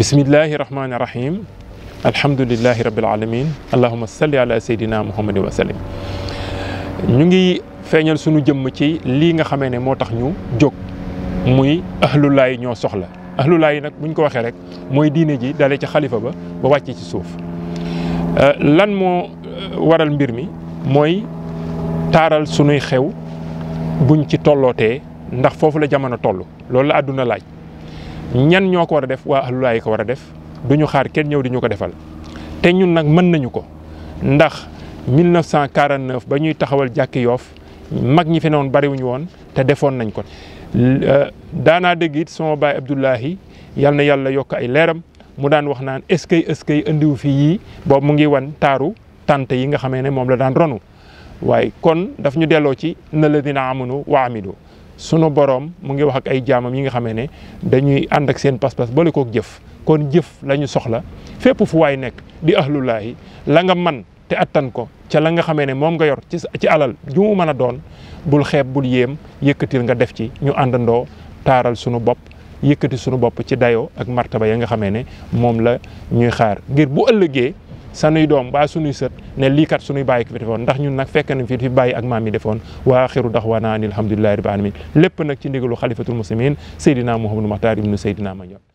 بسم الله الرحمن الرحيم الحمد لله رب العالمين اللهم صل على سيدنا محمد وسلم ñu ngi feeñal sunu jëmm ci lii nga xamee ne moo tax ñu jóg muy ahlulaay ñoo soxla ahlulaay yi nag buñ ko waxee rek mooy diine ji dale ci xalifa ba ba wàcce ci suuf lan moo waral mbir mi mooy taaral sunuy xew buñ ci tollootee ndax foofu la jamono toll loolu la àdduna laaj ñan ñoo ko war a def waa ahlulaa yi ko war a def du ñu xaar kenn ñëw di ñu ko defal te ñun nag mën nañu ko ndax 1949 ba ñuy taxawal jàkki yoof mag ñi fi newoon bariwuñu woon te defoon nañ ko euh, daanaa dégg it sama baay Abdoulahi yal na yàlla yokk ay leeram mu daan wax naan est-ce que est-ce que indiwu fi yii boobu mu ngi wan taaru tante yi nga xamee ne moom la daan ronu waaye kon daf ñu delloo ci na la dina amunu wa amidu suñu borom mu ngi wax ak ay jaamam yi nga xamé né dañuy and ak seen pas-pas boole ko jëf kon jëf la soxla fépp fu way nek di ahlullah la nga man te attan ko ci la nga xamé né mom nga yor ci ci alal ju mu mëna doon bul xeeb bul yéem yëkkatil nga def ci ñu andando taral suñu bop yëkëti sunu bop ci dayo ak martaba ya nga xamé né mom la ñuy xaar ngir bu ëllëgé sanuy doom ba sunuy sët ne lii kat sunuy bàyyi ko fi ndax ñun nag fekk nañ fi fi bàyyi ak maam yi defoon wa axiru daxwaana ani alhamdulillahi rabbil alamin lépp nag ci xalifatu ndigalu xalifatul muslimin Seydina Mouhamadou Makhtar ibnu Seydina Mandione